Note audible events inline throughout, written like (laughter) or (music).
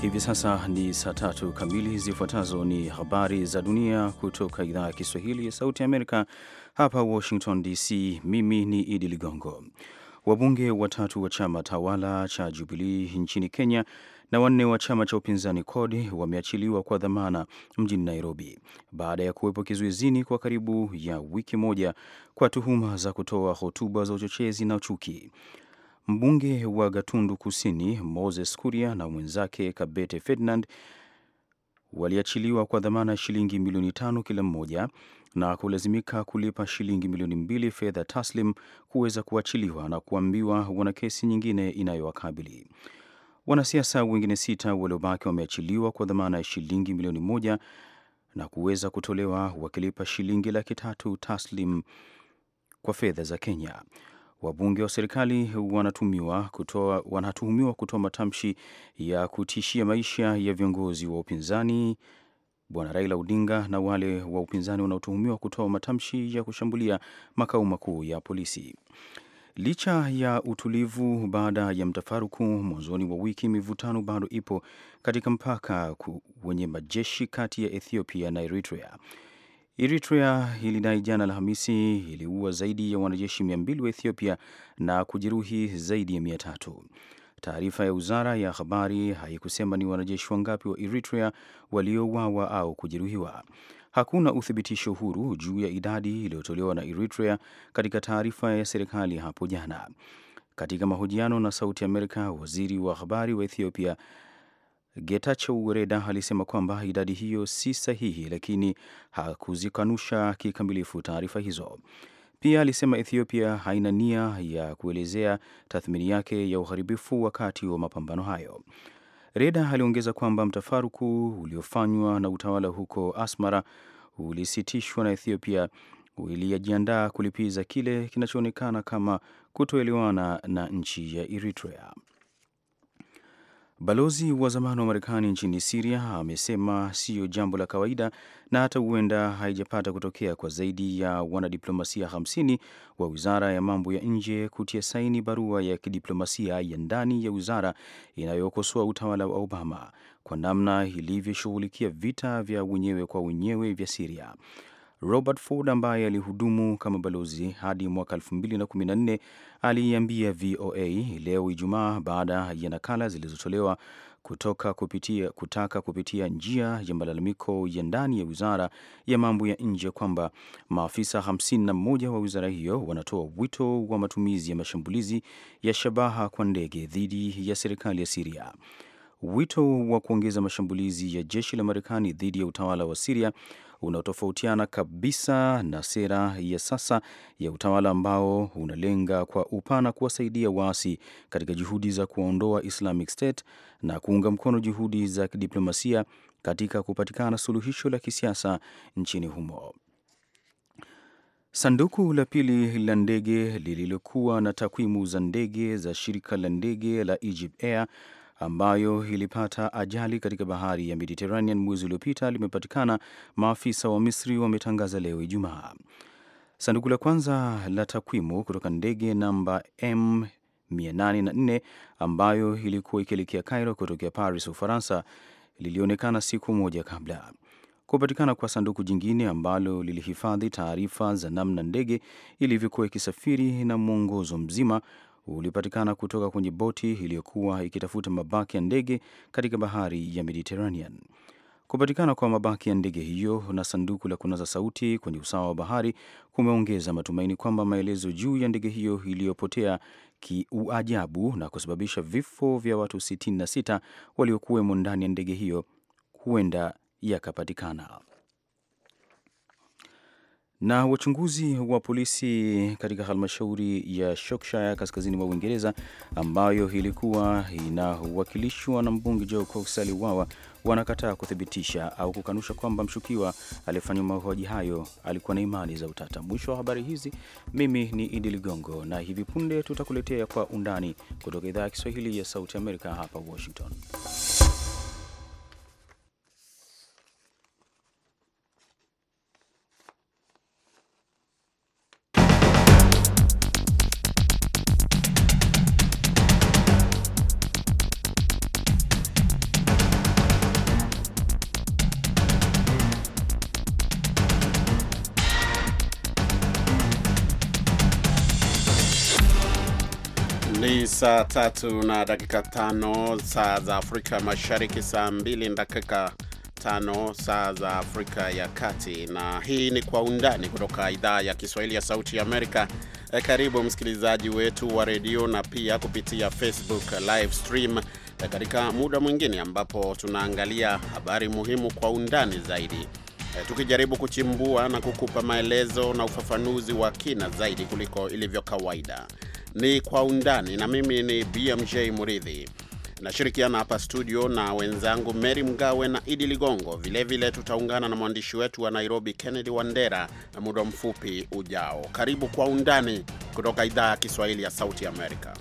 Hivi sasa ni saa tatu kamili. Zifuatazo ni habari za dunia kutoka idhaa ya Kiswahili ya Sauti Amerika, hapa Washington DC. Mimi ni Idi Ligongo. Wabunge watatu wa chama tawala cha Jubilii nchini Kenya na wanne wa chama cha upinzani CORD wameachiliwa kwa dhamana mjini Nairobi baada ya kuwepo kizuizini kwa karibu ya wiki moja kwa tuhuma za kutoa hotuba za uchochezi na chuki. Mbunge wa Gatundu Kusini Moses Kuria na mwenzake Kabete Ferdinand waliachiliwa kwa dhamana ya shilingi milioni tano kila mmoja na kulazimika kulipa shilingi milioni mbili fedha taslim kuweza kuachiliwa na kuambiwa wana kesi nyingine inayowakabili. Wanasiasa wengine sita waliobaki wameachiliwa kwa dhamana ya shilingi milioni moja na kuweza kutolewa wakilipa shilingi laki tatu taslim kwa fedha za Kenya. Wabunge wa serikali wanatuhumiwa kutoa, wanatuhumiwa kutoa matamshi ya kutishia maisha ya viongozi wa upinzani Bwana Raila Odinga na wale wa upinzani wanaotuhumiwa kutoa matamshi ya kushambulia makao makuu ya polisi. Licha ya utulivu baada ya mtafaruku mwanzoni mwa wiki, mivutano bado ipo katika mpaka wenye majeshi kati ya Ethiopia na Eritrea. Eritrea ilidai jana Alhamisi iliua zaidi ya wanajeshi 200 wa Ethiopia na kujeruhi zaidi ya 300. Taarifa ya wizara ya habari haikusema ni wanajeshi wangapi wa Eritrea waliouawa au kujeruhiwa. Hakuna uthibitisho huru juu ya idadi iliyotolewa na Eritrea katika taarifa ya serikali hapo jana. Katika mahojiano na Sauti Amerika, waziri wa habari wa Ethiopia Getachew Reda alisema kwamba idadi hiyo si sahihi, lakini hakuzikanusha kikamilifu taarifa hizo. Pia alisema Ethiopia haina nia ya kuelezea tathmini yake ya uharibifu wakati wa mapambano hayo. Reda aliongeza kwamba mtafaruku uliofanywa na utawala huko Asmara ulisitishwa na Ethiopia iliyajiandaa kulipiza kile kinachoonekana kama kutoelewana na nchi ya Eritrea. Balozi wa zamani wa Marekani nchini Siria amesema siyo jambo la kawaida na hata huenda haijapata kutokea kwa zaidi ya wanadiplomasia 50 wa wizara ya mambo ya nje kutia saini barua ya kidiplomasia ya ndani ya wizara inayokosoa utawala wa Obama kwa namna ilivyoshughulikia vita vya wenyewe kwa wenyewe vya Siria. Robert Ford ambaye alihudumu kama balozi hadi mwaka 2014 aliiambia VOA leo Ijumaa baada ya nakala zilizotolewa kutoka kupitia, kutaka kupitia njia ya malalamiko ya ndani ya wizara ya mambo ya nje kwamba maafisa 51 wa wizara hiyo wanatoa wito wa matumizi ya mashambulizi ya shabaha kwa ndege dhidi ya serikali ya Siria. Wito wa kuongeza mashambulizi ya jeshi la Marekani dhidi ya utawala wa Siria unaotofautiana kabisa na sera ya sasa ya utawala ambao unalenga kwa upana kuwasaidia waasi katika juhudi za kuondoa Islamic State na kuunga mkono juhudi za kidiplomasia katika kupatikana suluhisho la kisiasa nchini humo. Sanduku la pili la ndege lililokuwa na takwimu za ndege za shirika la ndege la Egypt Air ambayo ilipata ajali katika bahari ya Mediterranean mwezi uliopita limepatikana, maafisa wa Misri wametangaza leo Ijumaa. Sanduku la kwanza la takwimu kutoka ndege namba m 804 ambayo ilikuwa ikielekea Cairo kutokea Paris, Ufaransa, lilionekana siku moja kabla. Kupatikana kwa sanduku jingine ambalo lilihifadhi taarifa za namna ndege ilivyokuwa ikisafiri na mwongozo mzima ulipatikana kutoka kwenye boti iliyokuwa ikitafuta mabaki ya ndege katika bahari ya Mediterranean. Kupatikana kwa mabaki ya ndege hiyo na sanduku la kunaza sauti kwenye usawa wa bahari kumeongeza matumaini kwamba maelezo juu ya ndege hiyo iliyopotea kiuajabu na kusababisha vifo vya watu 66 waliokuwemo ndani ya ndege hiyo huenda yakapatikana. Na wachunguzi wa polisi katika halmashauri ya Shropshire kaskazini mwa Uingereza ambayo ilikuwa inawakilishwa na mbunge Joe aliuawa wanakataa kuthibitisha au kukanusha kwamba mshukiwa aliyefanywa mauaji hayo alikuwa na imani za utata. Mwisho wa habari hizi, mimi ni Idi Ligongo na hivi punde tutakuletea kwa undani kutoka idhaa ya Kiswahili ya Sauti Amerika hapa Washington. saa tatu na dakika tano saa za Afrika Mashariki, saa mbili na dakika tano saa za Afrika ya Kati. Na hii ni Kwa Undani kutoka idhaa ya Kiswahili ya Sauti ya Amerika. E, karibu msikilizaji wetu wa redio na pia kupitia Facebook live stream e, katika muda mwingine ambapo tunaangalia habari muhimu kwa undani zaidi, e, tukijaribu kuchimbua na kukupa maelezo na ufafanuzi wa kina zaidi kuliko ilivyo kawaida ni Kwa Undani na mimi ni BMJ Muridhi. Nashirikiana hapa studio na wenzangu Mary Mgawe na Idi Ligongo. Vilevile tutaungana na mwandishi wetu wa Nairobi, Kennedy Wandera, na muda mfupi ujao. Karibu Kwa Undani kutoka idhaa ya Kiswahili ya Sauti Amerika.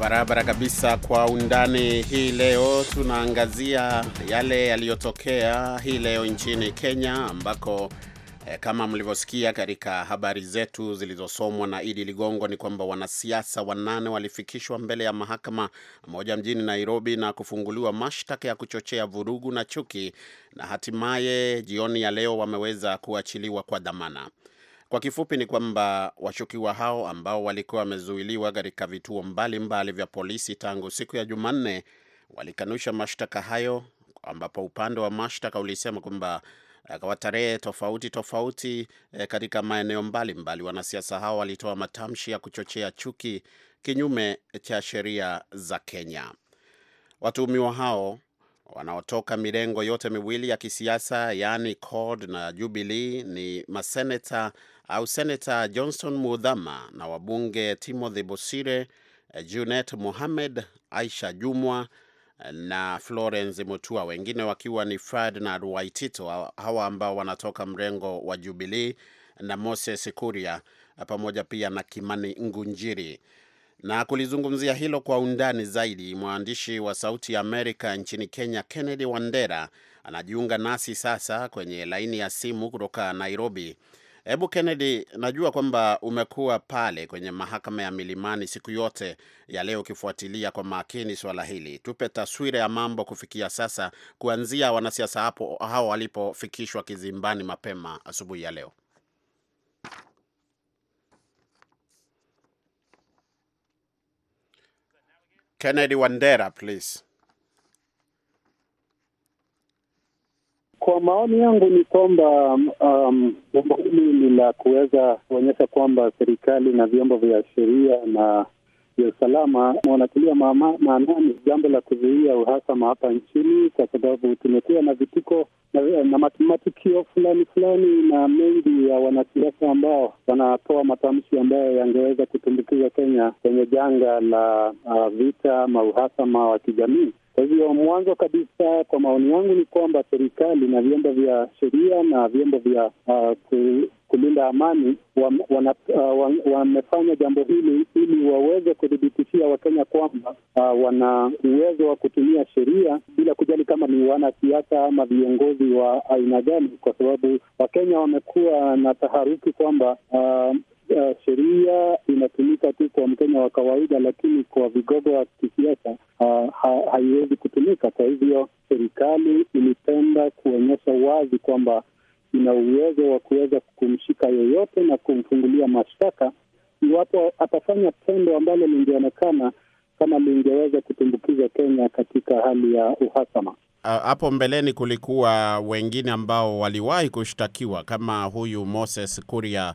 Barabara kabisa. Kwa undani hii leo tunaangazia yale yaliyotokea hii leo nchini Kenya, ambako eh, kama mlivyosikia katika habari zetu zilizosomwa na Idi Ligongo ni kwamba wanasiasa wanane walifikishwa mbele ya mahakama moja mjini Nairobi na kufunguliwa mashtaka ya kuchochea vurugu na chuki, na hatimaye jioni ya leo wameweza kuachiliwa kwa dhamana. Kwa kifupi ni kwamba washukiwa hao ambao walikuwa wamezuiliwa katika vituo mbalimbali mbali vya polisi tangu siku ya Jumanne walikanusha mashtaka hayo, ambapo upande wa mashtaka ulisema kwamba eh, kwa tarehe tofauti tofauti e, katika maeneo mbalimbali wanasiasa hao walitoa matamshi ya kuchochea chuki kinyume cha sheria za Kenya. Watuhumiwa hao wanaotoka mirengo yote miwili ya kisiasa yaani CORD na Jubilee ni maseneta au Senata Johnson Muthama na wabunge Timothy Bosire, eh, Junet Mohamed, Aisha Jumwa eh, na Florence Mutua, wengine wakiwa ni Ferdinand Waitito, hawa ambao wanatoka mrengo wa Jubilee na Moses Kuria eh, pamoja pia na Kimani Ngunjiri. Na kulizungumzia hilo kwa undani zaidi, mwandishi wa Sauti ya Amerika nchini Kenya Kennedy Wandera anajiunga nasi sasa kwenye laini ya simu kutoka Nairobi. Hebu Kennedy, najua kwamba umekuwa pale kwenye mahakama ya Milimani siku yote ya leo ukifuatilia kwa makini swala hili. Tupe taswira ya mambo kufikia sasa, kuanzia wanasiasa hapo hao walipofikishwa kizimbani mapema asubuhi ya leo. Kennedy Wandera, please. Kwa maoni yangu ni kwamba um, jambo um, hili ni la kuweza kuonyesha kwamba serikali na vyombo vya sheria na vya usalama wanatilia maanani jambo la kuzuia uhasama hapa nchini, kwa sababu tumekuwa na vituko na, na matukio fulani fulani na mengi ya wanasiasa ambao wanatoa matamshi ambayo yangeweza kutumbukiza Kenya kwenye janga la uh, vita ama uhasama wa kijamii. Kwa hivyo mwanzo kabisa, kwa maoni yangu, ni kwamba serikali na vyombo vya sheria na vyombo vya uh, kulinda amani wamefanya uh, wa jambo hili ili waweze kuthibitishia Wakenya kwamba uh, wana uwezo wa kutumia sheria bila kujali kama ni wanasiasa ama viongozi wa aina gani, kwa sababu Wakenya wamekuwa na taharuki kwamba uh, Uh, sheria inatumika tu kwa Mkenya wa kawaida, lakini kwa vigogo wa kisiasa uh, ha, haiwezi kutumika. Kwa hivyo serikali ilipenda kuonyesha wazi kwamba ina uwezo wa kuweza kumshika yeyote na kumfungulia mashtaka iwapo atafanya tendo ambalo lingeonekana kama lingeweza kutumbukiza Kenya katika hali ya uhasama. Hapo uh, mbeleni kulikuwa wengine ambao waliwahi kushtakiwa kama huyu Moses Kuria,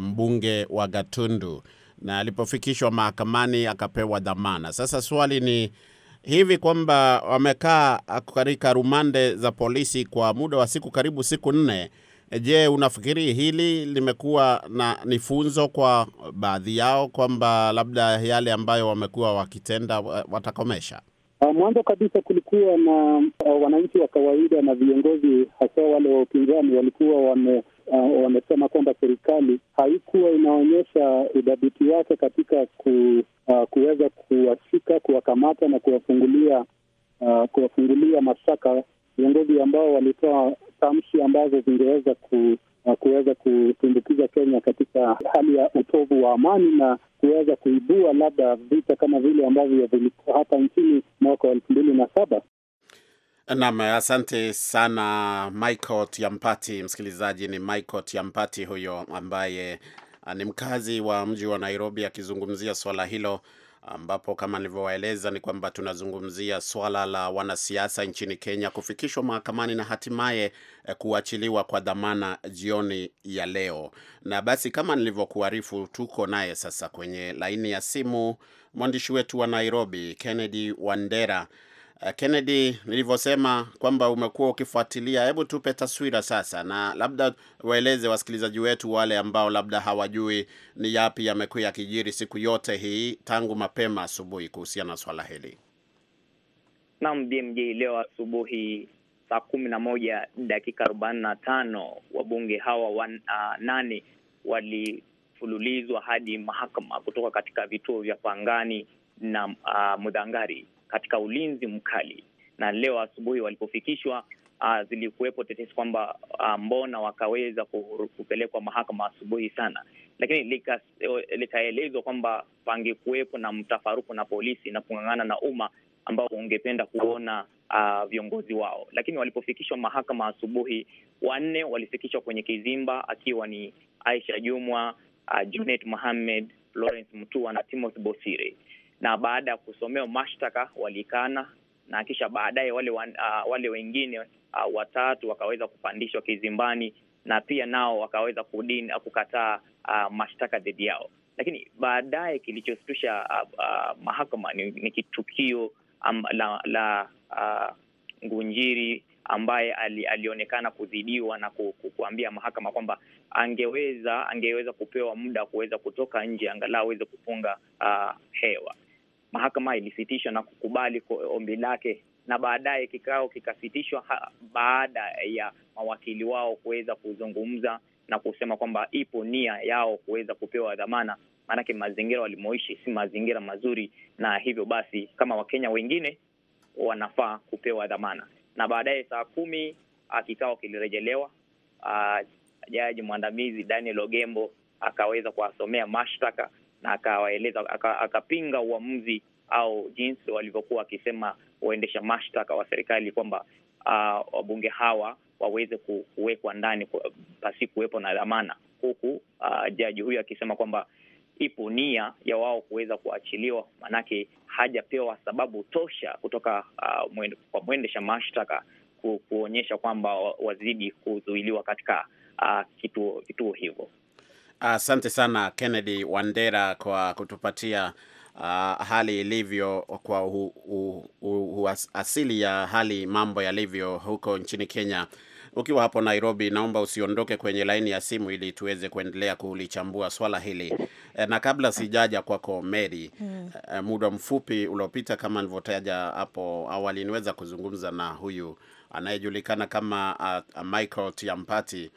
mbunge wa Gatundu na alipofikishwa mahakamani akapewa dhamana. Sasa swali ni hivi kwamba wamekaa katika rumande za polisi kwa muda wa siku karibu siku nne. Je, unafikiri hili limekuwa na ni funzo kwa baadhi yao kwamba labda yale ambayo wamekuwa wakitenda watakomesha? Ah, mwanzo kabisa kulikuwa na ah, wananchi wa kawaida na viongozi hasa wale wa upinzani walikuwa wame uh, wamesema kwamba serikali haikuwa inaonyesha udhabiti wake katika ku, uh, kuweza kuwashika, kuwakamata na kuwafungulia uh, kuwafungulia mashtaka viongozi ambao walitoa tamshi ambazo zingeweza ku uh, kuweza kutumbukiza Kenya katika hali ya utovu wa amani na kuweza kuibua labda vita kama vile ambavyo vilikuwa hapa nchini mwaka wa elfu mbili na saba. Nam, asante sana Michael Tiampati. Msikilizaji, ni Michael Tiampati huyo ambaye ah, ni mkazi wa mji wa Nairobi akizungumzia swala hilo, ambapo kama nilivyowaeleza ni kwamba tunazungumzia swala la wanasiasa nchini Kenya kufikishwa mahakamani na hatimaye eh, kuachiliwa kwa dhamana jioni ya leo. Na basi kama nilivyokuarifu, tuko naye sasa kwenye laini ya simu mwandishi wetu wa Nairobi Kennedy Wandera Eh, Kennedy, nilivyosema kwamba umekuwa ukifuatilia, hebu tupe taswira sasa, na labda waeleze wasikilizaji wetu wale ambao labda hawajui ni yapi yamekuwa yakijiri siku yote hii tangu mapema asubuhi kuhusiana na swala hili. Naam, BMJ, leo asubuhi saa kumi na moja dakika arobaini na tano wabunge hawa wan, uh, ah, nane walifululizwa hadi mahakama kutoka katika vituo vya Pangani na uh, Mudhangari katika ulinzi mkali, na leo asubuhi walipofikishwa Uh, zilikuwepo tetesi kwamba uh, mbona wakaweza kupelekwa mahakama asubuhi sana, lakini likaelezwa lika kwamba pangekuwepo na mtafaruku na polisi na kung'ang'ana na umma ambao ungependa kuona uh, viongozi wao. Lakini walipofikishwa mahakama asubuhi, wanne walifikishwa kwenye kizimba, akiwa ni Aisha Jumwa, uh, Junet Mohamed, Lawrence Mtua na Timothy Bosire na baada ya kusomewa mashtaka walikana, na kisha baadaye wale, wa, uh, ah, wale wengine uh, watatu wakaweza kupandishwa kizimbani na pia nao wakaweza kudini, uh, kukataa uh, mashtaka dhidi yao. Lakini baadaye kilichostusha uh, uh, mahakama ni, ni kitukio um, la, la uh, Ngunjiri ambaye ali, alionekana kuzidiwa na ku, ku, kuambia mahakama kwamba angeweza angeweza kupewa muda wa kuweza kutoka nje angalau aweze kupunga uh, hewa mahakama ilisitisha na kukubali ombi lake, na baadaye kikao kikasitishwa baada ya mawakili wao kuweza kuzungumza na kusema kwamba ipo nia yao kuweza kupewa dhamana, maanake mazingira walimoishi si mazingira mazuri, na hivyo basi kama Wakenya wengine wanafaa kupewa dhamana. Na baadaye saa kumi ah, kikao kilirejelewa. Ah, jaji mwandamizi Daniel Ogembo akaweza kuwasomea mashtaka na akawaeleza akapinga uamuzi au jinsi walivyokuwa wakisema waendesha mashtaka wa serikali kwamba uh, wabunge hawa waweze kuwekwa ndani pasi kuwepo na dhamana, huku uh, jaji huyo akisema kwamba ipo nia ya wao kuweza kuachiliwa, maanake hajapewa sababu tosha kutoka uh, mwende, kwa mwendesha mashtaka ku, kuonyesha kwamba wazidi kuzuiliwa katika uh, kituo kituo hivyo. Asante sana Kennedy Wandera kwa kutupatia uh, hali ilivyo kwa hu, hu, hu, hu asili ya hali mambo yalivyo huko nchini Kenya. Ukiwa hapo Nairobi, naomba usiondoke kwenye laini ya simu ili tuweze kuendelea kulichambua swala hili. Eh, na kabla sijaja kwako Mary, hmm, eh, muda mfupi uliopita kama nilivyotaja hapo awali, niweza kuzungumza na huyu anayejulikana kama uh, Michael Tiampati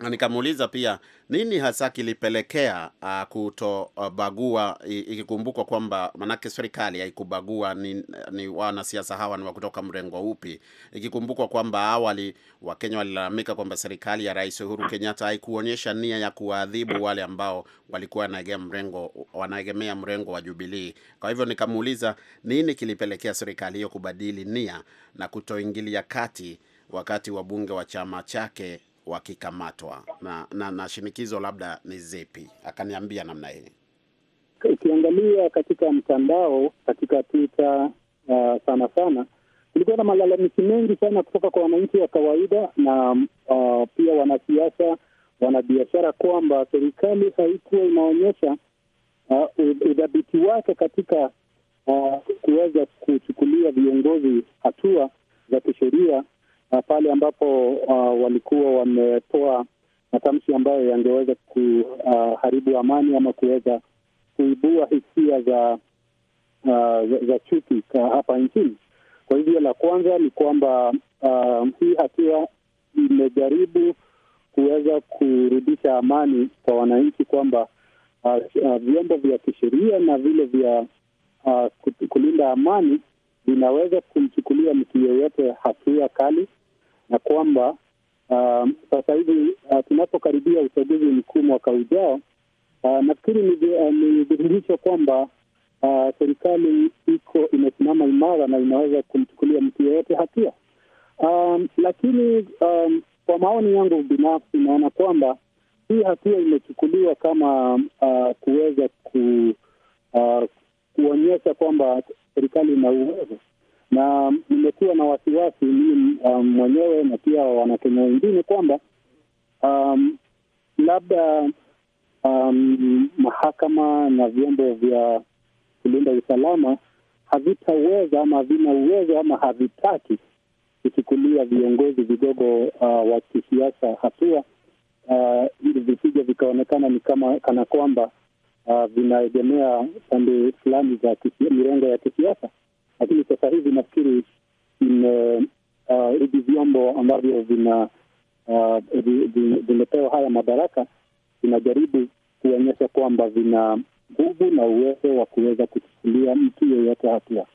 nikamuuliza pia nini hasa kilipelekea uh, kutobagua uh, ikikumbukwa kwamba manake serikali haikubagua ni, ni wanasiasa hawa ni wa kutoka mrengo upi, ikikumbukwa kwamba awali Wakenya walilalamika kwamba serikali ya Rais Uhuru Kenyatta haikuonyesha nia ya kuwaadhibu wale ambao walikuwa wanaegemea mrengo wanaegemea mrengo wa jubilii Kwa hivyo nikamuuliza nini kilipelekea serikali hiyo kubadili nia na kutoingilia kati wakati wa bunge wa chama chake wakikamatwa na, na, na shinikizo labda ni zipi? Akaniambia namna hii, ukiangalia katika mtandao, katika Twitter uh, sana sana kulikuwa na malalamisi mengi sana kutoka kwa wananchi wa kawaida na uh, pia wanasiasa, wanabiashara kwamba serikali haikuwa inaonyesha uh, udhabiti wake katika uh, kuweza kuchukulia viongozi hatua za kisheria pale ambapo uh, walikuwa wametoa matamshi ambayo yangeweza kuharibu uh, amani ama kuweza kuibua hisia za uh, za, za chuki uh, hapa nchini. Kwa hivyo la kwanza ni kwamba uh, hii hatua imejaribu kuweza kurudisha amani kwa wananchi, kwamba uh, uh, vyombo vya kisheria na vile vya uh, kulinda amani vinaweza kumchukulia mtu yeyote hatua kali na kwamba uh, sasa hivi uh, tunapokaribia uchaguzi mkuu mwaka ujao uh, nafikiri uh, ni dhihirisho kwamba uh, serikali iko imesimama imara na inaweza kumchukulia mtu yeyote hatia. Um, lakini um, kwa maoni yangu binafsi naona kwamba hii hatua imechukuliwa kama uh, kuweza ku, uh, kuonyesha kwamba serikali ina uwezo na nimekuwa na wasiwasi mimi um, mwenyewe na pia Wanakenya wengine kwamba um, labda um, mahakama na vyombo vya kulinda usalama havitaweza ama havina uwezo ama havitaki kuchukulia viongozi vidogo uh, wa kisiasa hatua uh, ili uh, vikaonekana ni kama kana kwamba uh, vinaegemea pande fulani za mirengo ya kisiasa lakini sasa hivi nafikiri uh, uh, hivi vyombo ambavyo vina uh, vimepewa haya madaraka vinajaribu kuonyesha kwamba vina nguvu na uwezo wa kuweza kuchukulia mtu yeyote hatua.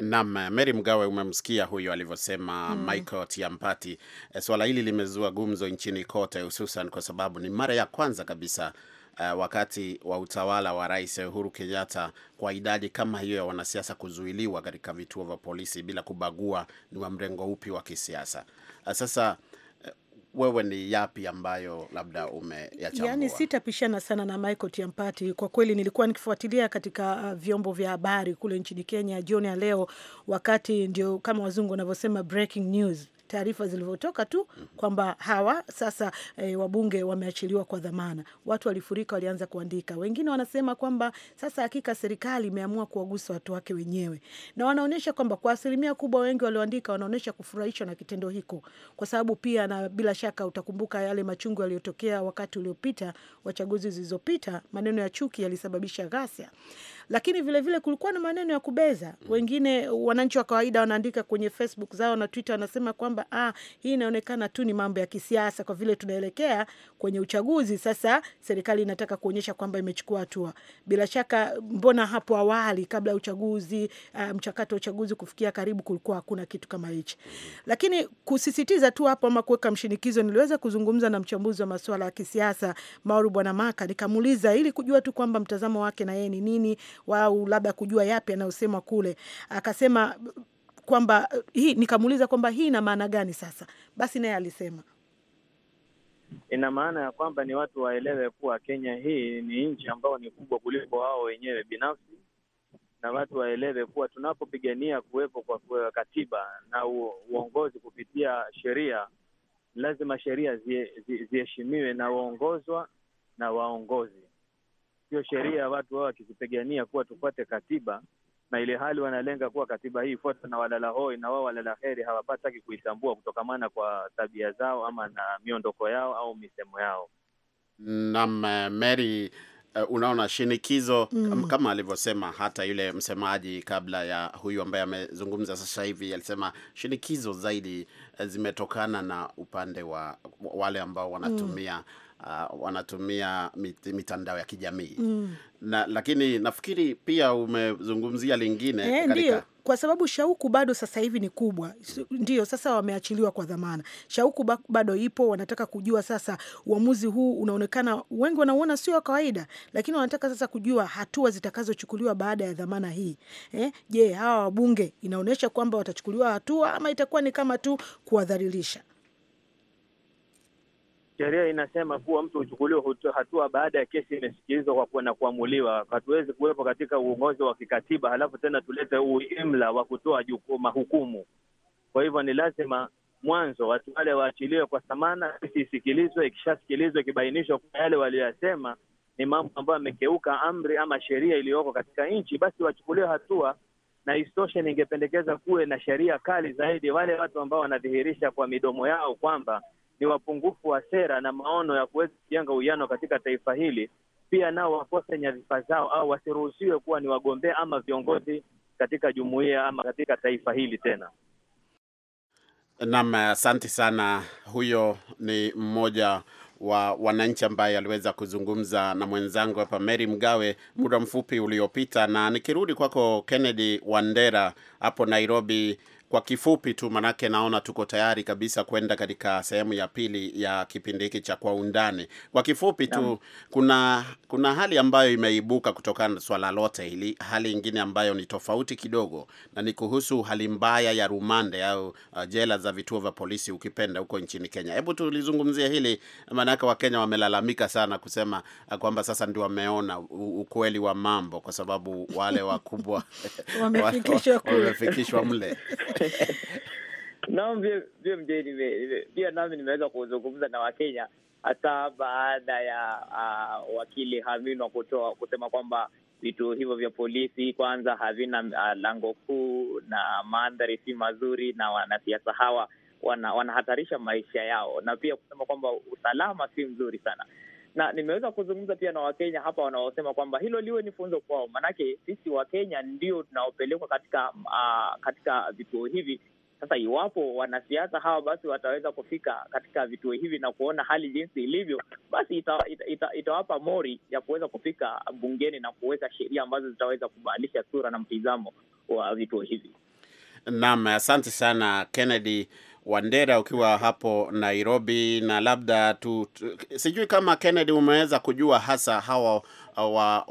Naam, Mary Mgawe, umemsikia huyo alivyosema mm. Michael Tiampati. Eh, swala hili limezua gumzo nchini kote, hususan kwa sababu ni mara ya kwanza kabisa uh, wakati wa utawala wa Rais Uhuru Kenyatta kwa idadi kama hiyo ya wanasiasa kuzuiliwa katika vituo vya polisi bila kubagua ni wa mrengo upi wa kisiasa. Uh, sasa eh, wewe ni yapi ambayo labda umeyachambua? Yani, sitapishana sana na Michael Tiampati. Kwa kweli nilikuwa nikifuatilia katika vyombo vya habari kule nchini Kenya jioni ya leo, wakati ndio kama wazungu wanavyosema breaking news taarifa zilivyotoka tu kwamba hawa sasa e, wabunge wameachiliwa kwa dhamana, watu walifurika, walianza kuandika. Wengine wanasema kwamba sasa hakika serikali imeamua kuwagusa watu wake wenyewe, na wanaonyesha kwamba kwa asilimia kubwa wengi walioandika wanaonyesha kufurahishwa na kitendo hiko, kwa sababu pia na bila shaka utakumbuka yale machungu yaliyotokea wakati uliopita wa chaguzi zilizopita, maneno ya chuki yalisababisha ghasia lakini vilevile vile kulikuwa na maneno ya kubeza. mm. Wengine wananchi wa kawaida wanaandika kwenye Facebook zao na Twitter, wanasema kwamba ah, hii inaonekana tu ni mambo ya kisiasa kwa vile tunaelekea kwenye uchaguzi sasa, serikali inataka kuonyesha kwamba imechukua hatua. Bila shaka, mbona hapo awali kabla ya uchaguzi, uh, mchakato wa uchaguzi kufikia karibu, kulikuwa hakuna kitu kama hichi. Lakini kusisitiza tu hapo ama kuweka mshinikizo, niliweza kuzungumza na mchambuzi wa masuala ya kisiasa Mauru Bwana Maka, nikamuuliza ili kujua tu kwamba mtazamo wake na yeye ni nini au labda kujua yapi anayosema kule. Akasema kwamba hii, nikamuuliza kwamba hii ina maana gani sasa? Basi naye alisema ina maana ya kwamba ni watu waelewe kuwa Kenya hii ni nchi ambayo ni kubwa kuliko wao wenyewe binafsi, na watu waelewe kuwa tunapopigania kuwepo kwa katiba na uongozi kupitia sheria, lazima sheria ziheshimiwe zie na waongozwa na waongozi sio sheria ya watu wao wakikupigania kuwa tufuate katiba na ile hali wanalenga kuwa katiba hii ifuatwe na walala hoi na wao walala heri hawapataki kuitambua kutokamana kwa tabia zao ama na miondoko yao au misemo yao. Naam, eh, Mary, eh, unaona shinikizo mm, kama alivyosema hata yule msemaji kabla ya huyu ambaye amezungumza sasa hivi alisema shinikizo zaidi eh, zimetokana na upande wa wale ambao wanatumia mm uh, wanatumia mit, mitandao ya kijamii mm. Na lakini nafikiri pia umezungumzia lingine e, ndio kwa sababu shauku bado sasa hivi ni kubwa, ndio sasa wameachiliwa kwa dhamana. Shauku bado ipo, wanataka kujua sasa. Uamuzi huu unaonekana wengi wanauona sio wa kawaida, lakini wanataka sasa kujua hatua zitakazochukuliwa baada ya dhamana hii. Eh, je, hawa wabunge inaonyesha kwamba watachukuliwa hatua ama itakuwa ni kama tu kuwadhalilisha? sheria inasema kuwa mtu huchukuliwa hatua baada ya kesi imesikilizwa kwa na kuamuliwa. Hatuwezi kuwepo katika uongozi wa kikatiba halafu tena tulete uimla wa kutoa mahukumu. Kwa hivyo ni lazima mwanzo watu wale waachiliwe kwa thamana, kesi isikilizwe. Ikishasikilizwa, ikibainishwa kuwa yale walioyasema ni mambo ambayo amekeuka amri ama sheria iliyoko katika nchi, basi wachukuliwe hatua. Na isitoshe, ningependekeza kuwe na sheria kali zaidi wale watu ambao wanadhihirisha kwa midomo yao kwamba ni wapungufu wa sera na maono ya kuweza kujenga uwiano katika taifa hili, pia nao wakose nyadhifa zao au wasiruhusiwe kuwa ni wagombea ama viongozi katika jumuiya ama katika taifa hili tena. Naam, asante sana. Huyo ni mmoja wa wananchi ambaye aliweza kuzungumza na mwenzangu hapa Mary Mgawe muda mfupi uliopita. Na nikirudi kwako Kennedy Wandera hapo Nairobi kwa kifupi tu, manake naona tuko tayari kabisa kwenda katika sehemu ya pili ya kipindi hiki cha Kwa Undani. Kwa kifupi tu kuna kuna hali ambayo imeibuka kutokana na swala lote hili, hali ingine ambayo ni tofauti kidogo, na ni kuhusu hali mbaya ya rumande au uh, jela za vituo vya polisi ukipenda, huko nchini Kenya. Hebu tulizungumzie hili, manake Wakenya wamelalamika sana kusema uh, kwamba sasa ndio wameona ukweli wa mambo, kwa sababu wale wakubwa (laughs) (laughs) wamefikishwa mle (laughs) Naam, vio pia nami nimeweza kuzungumza na Wakenya hasa baada ya uh, wakili Haminwa kutoa kusema kwamba vituo hivyo vya polisi kwanza havina uh, lango kuu na mandhari si mazuri, na wanasiasa hawa wanahatarisha maisha yao, na pia kusema kwamba usalama si mzuri sana na nimeweza kuzungumza pia na Wakenya hapa wanaosema kwamba hilo liwe ni funzo kwao, maanake sisi Wakenya ndio tunaopelekwa katika uh, katika vituo hivi. Sasa iwapo wanasiasa hawa basi wataweza kufika katika vituo hivi na kuona hali jinsi ilivyo, basi itawapa ita, ita, ita mori ya kuweza kufika bungeni na kuweka sheria ambazo zitaweza kubadilisha sura na mtizamo wa vituo hivi. Naam, asante sana Kennedy. Wandera ukiwa hapo Nairobi, na labda tu, tu, sijui kama Kennedy umeweza kujua hasa hawa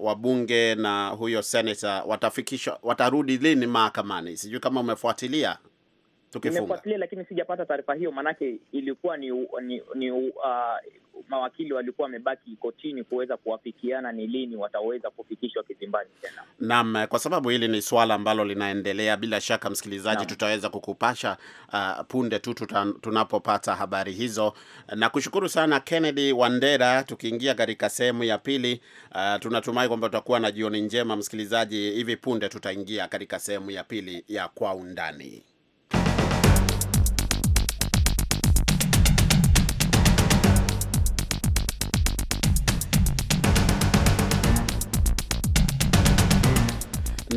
wabunge na huyo senata watafikisha watarudi lini mahakamani? Sijui kama umefuatilia Nimefuatilia lakini sijapata taarifa hiyo, maanake ilikuwa ni, ni, ni uh, mawakili walikuwa wamebaki kotini kuweza kuwafikiana ni lini wataweza kufikishwa kizimbani tena. Naam, kwa sababu hili ni swala ambalo linaendelea bila shaka, msikilizaji, tutaweza kukupasha uh, punde tu tunapopata habari hizo. Na kushukuru sana Kennedy Wandera. Tukiingia katika sehemu ya pili, uh, tunatumai kwamba tutakuwa na jioni njema msikilizaji. Hivi punde tutaingia katika sehemu ya pili ya kwa undani.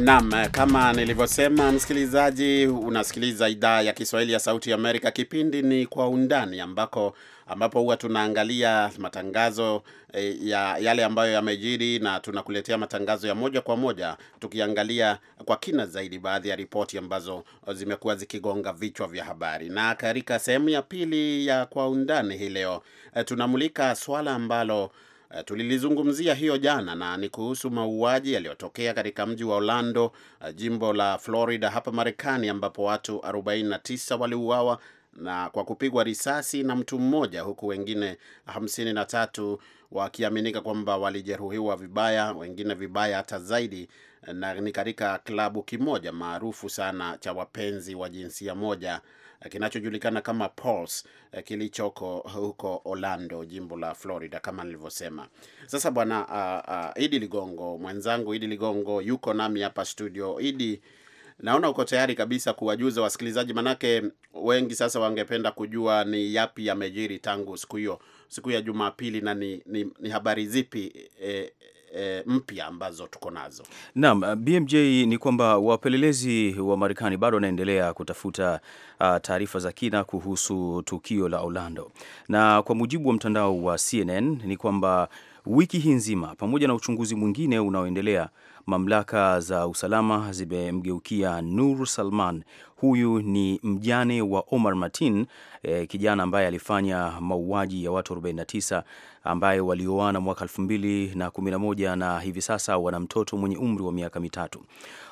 Naam, kama nilivyosema, msikilizaji, unasikiliza idhaa ya Kiswahili ya Sauti ya Amerika. Kipindi ni Kwa Undani, ambako ambapo huwa tunaangalia matangazo e, ya yale ambayo yamejiri na tunakuletea matangazo ya moja kwa moja, tukiangalia kwa kina zaidi baadhi ya ripoti ambazo zimekuwa zikigonga vichwa vya habari. Na katika sehemu ya pili ya Kwa Undani hii leo e, tunamulika swala ambalo Eh, tulilizungumzia hiyo jana na ni kuhusu mauaji yaliyotokea katika mji wa Orlando, eh, jimbo la Florida hapa Marekani, ambapo watu 49 waliuawa na kwa kupigwa risasi na mtu mmoja, huku wengine 53 wakiaminika kwamba walijeruhiwa vibaya, wengine vibaya hata zaidi, eh, na ni katika klabu kimoja maarufu sana cha wapenzi wa jinsia moja Eh, kinachojulikana kama Pulse eh, kilichoko huko Orlando, jimbo la Florida, kama nilivyosema. Sasa bwana uh, uh, Idi Ligongo, mwenzangu Idi Ligongo yuko nami hapa studio. Idi, naona uko tayari kabisa kuwajuza wasikilizaji, manake wengi sasa wangependa kujua ni yapi yamejiri tangu siku hiyo siku ya Jumapili na ni, ni, ni habari zipi eh, e, mpya ambazo tuko nazo. Naam, eh, BMJ ni kwamba wapelelezi wa Marekani bado wanaendelea kutafuta uh, taarifa za kina kuhusu tukio la Orlando, na kwa mujibu wa mtandao wa CNN ni kwamba wiki hii nzima, pamoja na uchunguzi mwingine unaoendelea, mamlaka za usalama zimemgeukia Nur Salman Huyu ni mjane wa Omar Martin e, eh, kijana ambaye alifanya mauaji ya watu 49 ambaye walioana mwaka 2011 na hivi sasa wana mtoto mwenye umri wa miaka mitatu.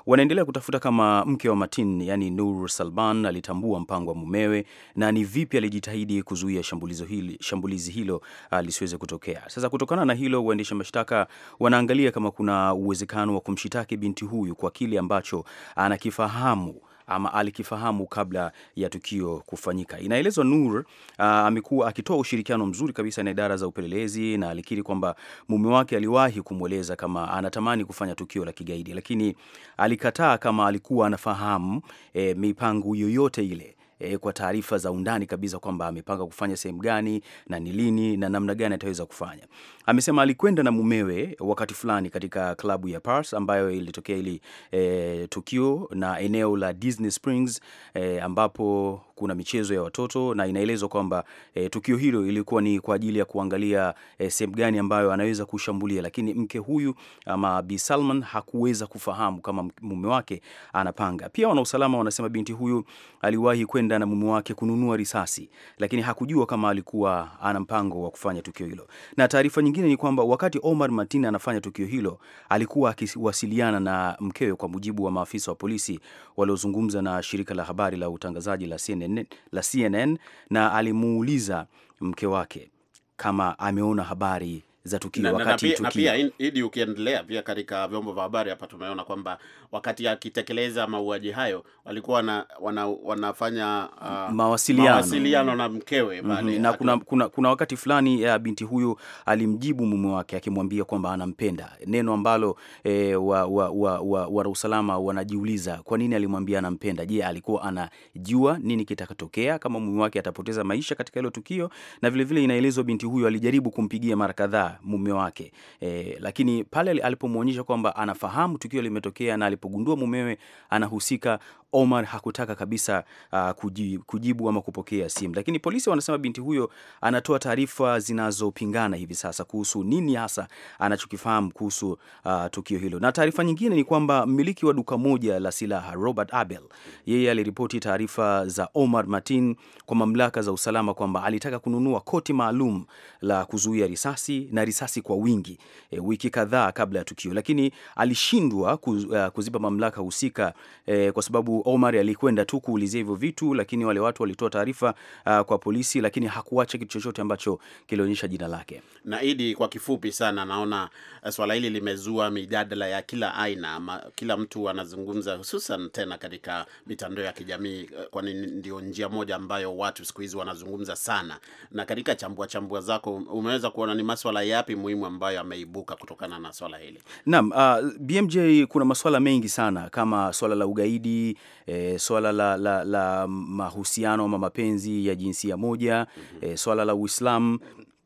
Wanaendelea kutafuta kama mke wa Martin, yani Nur Salban alitambua mpango wa mumewe na ni vipi alijitahidi kuzuia shambulizo hili, shambulizi hilo ah, lisiweze kutokea. Sasa kutokana na hilo, waendesha mashtaka wanaangalia kama kuna uwezekano wa kumshitaki binti huyu kwa kile ambacho anakifahamu ama alikifahamu kabla ya tukio kufanyika. Inaelezwa Nur uh, ah, amekuwa akitoa ushirikiano mzuri kabisa na idara za upelelezi na alikiri kwamba mume wake aliwahi kumweleza kama anatamani kufanya tukio la kigaidi, lakini alikataa kama alikuwa anafahamu eh, mipango yoyote ile e, kwa taarifa za undani kabisa kwamba amepanga kufanya sehemu gani na ni lini na namna gani ataweza kufanya. Amesema alikwenda na mumewe wakati fulani katika klabu ya Pars ambayo ilitokea ili e, tukio na eneo la Disney Springs e, ambapo kuna michezo ya watoto na inaelezwa kwamba e, tukio hilo ilikuwa ni kwa ajili ya kuangalia e, sehemu gani ambayo anaweza kushambulia, lakini mke huyu ama Bi Salman hakuweza kufahamu kama mume wake anapanga. Pia wanausalama wanasema binti huyu aliwahi kwenda na mume wake kununua risasi, lakini hakujua kama alikuwa ana mpango wa kufanya tukio hilo. Na taarifa nyingine ni kwamba wakati Omar Martin anafanya tukio hilo alikuwa akiwasiliana na mkewe, kwa mujibu wa maafisa wa polisi waliozungumza na shirika la habari la utangazaji la CNN CNN, la CNN na alimuuliza mke wake kama ameona habari za tukio na, wakati na, na, tukio. Na pia hidi ukiendelea pia katika vyombo vya habari hapa tumeona kwamba wakati akitekeleza mauaji hayo walikuwa wana, wana, wanafanya uh, mawasiliano, mawasiliano na mkewe mm -hmm. na kuna, kuna, kuna wakati fulani ya eh, binti huyu alimjibu mume wake akimwambia kwamba anampenda, neno ambalo eh, wa, wa, wa, wa, wa usalama wanajiuliza kwa nini alimwambia anampenda. Je, alikuwa anajua nini kitakatokea kama mume wake atapoteza maisha katika hilo tukio? Na vilevile inaelezwa binti huyu alijaribu kumpigia mara kadhaa mume wake e, lakini pale alipomwonyesha kwamba anafahamu tukio limetokea na alipogundua mumewe anahusika, Omar hakutaka kabisa uh, ah, kujibu, kujibu ama kupokea simu, lakini polisi wanasema binti huyo anatoa taarifa zinazopingana hivi sasa kuhusu nini hasa anachokifahamu kuhusu uh, tukio hilo. Na taarifa nyingine ni kwamba mmiliki wa duka moja la silaha Robert Abel, yeye aliripoti taarifa za Omar Martin kwa mamlaka za usalama kwamba alitaka kununua koti maalum la kuzuia risasi na risasi kwa wingi e, wiki kadhaa kabla ya tukio, lakini alishindwa ah, kuzipa mamlaka husika e, kwa sababu Omar alikwenda tu kuulizia hivyo vitu, lakini wale watu walitoa taarifa uh, kwa polisi, lakini hakuacha kitu chochote ambacho kilionyesha jina lake. Na Idi, kwa kifupi sana, naona eh, swala hili limezua mijadala ya kila aina ma, kila mtu anazungumza, hususan tena katika mitandao ya kijamii, eh, kwani ndio njia moja ambayo watu siku hizi wanazungumza sana. Na katika chambua chambua zako umeweza kuona ni maswala yapi muhimu ambayo ameibuka kutokana na swala hili? Naam, uh, ah, BMJ, kuna maswala mengi sana kama swala la ugaidi e, swala la, la, la mahusiano ama mapenzi ya jinsia moja, e, swala la Uislamu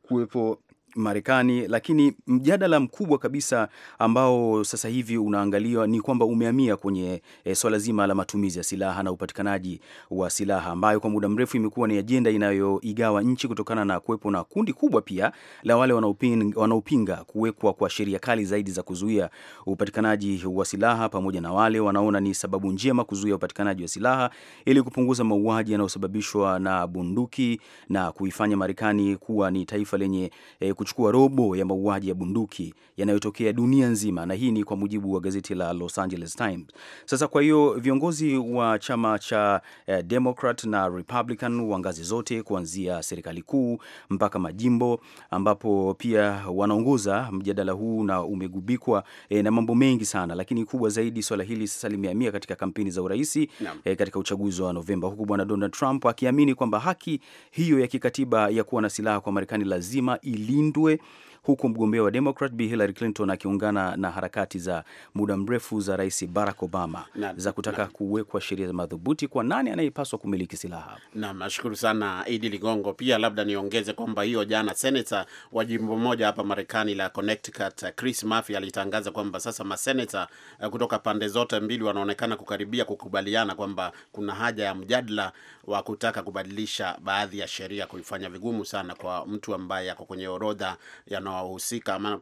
kuwepo Marekani, lakini mjadala mkubwa kabisa ambao sasa hivi unaangaliwa ni kwamba umehamia kwenye e, swala zima la matumizi ya silaha na upatikanaji wa silaha ambayo kwa muda mrefu imekuwa ni ajenda inayoigawa nchi kutokana na kuwepo na kundi kubwa pia la wale wanaopinga, wanaopinga kuwekwa kwa sheria kali zaidi za kuzuia upatikanaji wa silaha pamoja na wale wanaona ni sababu njema kuzuia upatikanaji wa silaha ili kupunguza mauaji yanayosababishwa na bunduki na kuifanya Marekani kuwa ni taifa lenye e, kuchukua robo ya mauaji ya bunduki yanayotokea dunia nzima, na hii ni kwa mujibu wa gazeti la Los Angeles Times. Sasa kwa hiyo viongozi wa chama cha eh, Democrat na Republican wa ngazi zote kuanzia serikali kuu mpaka majimbo, ambapo pia wanaongoza mjadala huu na umegubikwa eh, na mambo mengi sana, lakini kubwa zaidi swala hili sasa limehamia katika kampeni za uraisi eh, katika uchaguzi wa Novemba, huku bwana Donald Trump akiamini kwamba haki hiyo ya kikatiba ya kuwa na silaha kwa Marekani lazima ilinde 对。huku mgombea wa Democrat Bi Hillary Clinton akiungana na harakati za muda mrefu za Rais Barack Obama na, za kutaka kuwekwa sheria madhubuti kwa nani anayepaswa kumiliki silaha. Naam, nashukuru sana Idi Ligongo. Pia labda niongeze kwamba hiyo jana senata wa jimbo moja hapa Marekani la Connecticut Chris Murphy alitangaza kwamba sasa masenata eh, kutoka pande zote mbili wanaonekana kukaribia kukubaliana kwamba kuna haja ya mjadala wa kutaka kubadilisha baadhi ya sheria kuifanya vigumu sana kwa mtu ambaye ako kwenye orodha ya wanaohusika ama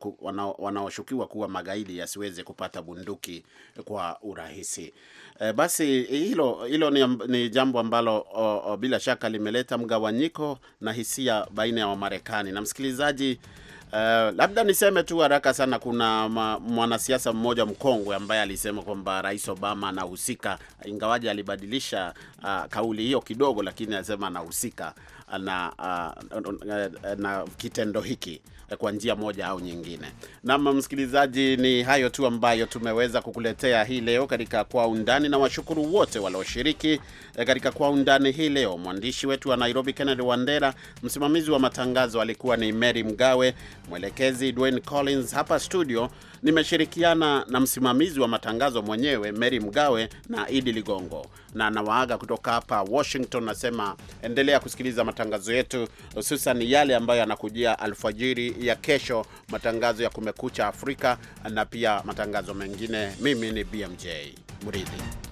wanaoshukiwa kuwa magaidi yasiweze kupata bunduki kwa urahisi. E, basi hilo hilo ni, ni jambo ambalo o, o, bila shaka limeleta mgawanyiko na hisia baina ya Wamarekani na msikilizaji Uh, labda niseme tu haraka sana, kuna mwanasiasa mmoja mkongwe ambaye alisema kwamba Rais Obama anahusika, ingawaje alibadilisha uh, kauli hiyo kidogo, lakini anasema anahusika na, uh, na kitendo hiki kwa njia moja au nyingine. Naam, msikilizaji, ni hayo tu ambayo tumeweza kukuletea hii leo katika Kwa Undani, na washukuru wote walioshiriki eh, katika Kwa Undani hii leo. Mwandishi wetu wa Nairobi Kennedy Wandera, msimamizi wa matangazo alikuwa ni Mary Mgawe. Mwelekezi Dwayne Collins hapa studio. Nimeshirikiana na msimamizi wa matangazo mwenyewe Mary Mgawe na Idi Ligongo, na nawaaga kutoka hapa Washington. Nasema endelea kusikiliza matangazo yetu, hususan yale ambayo yanakujia alfajiri ya kesho, matangazo ya Kumekucha Afrika na pia matangazo mengine. Mimi ni BMJ Mridhi.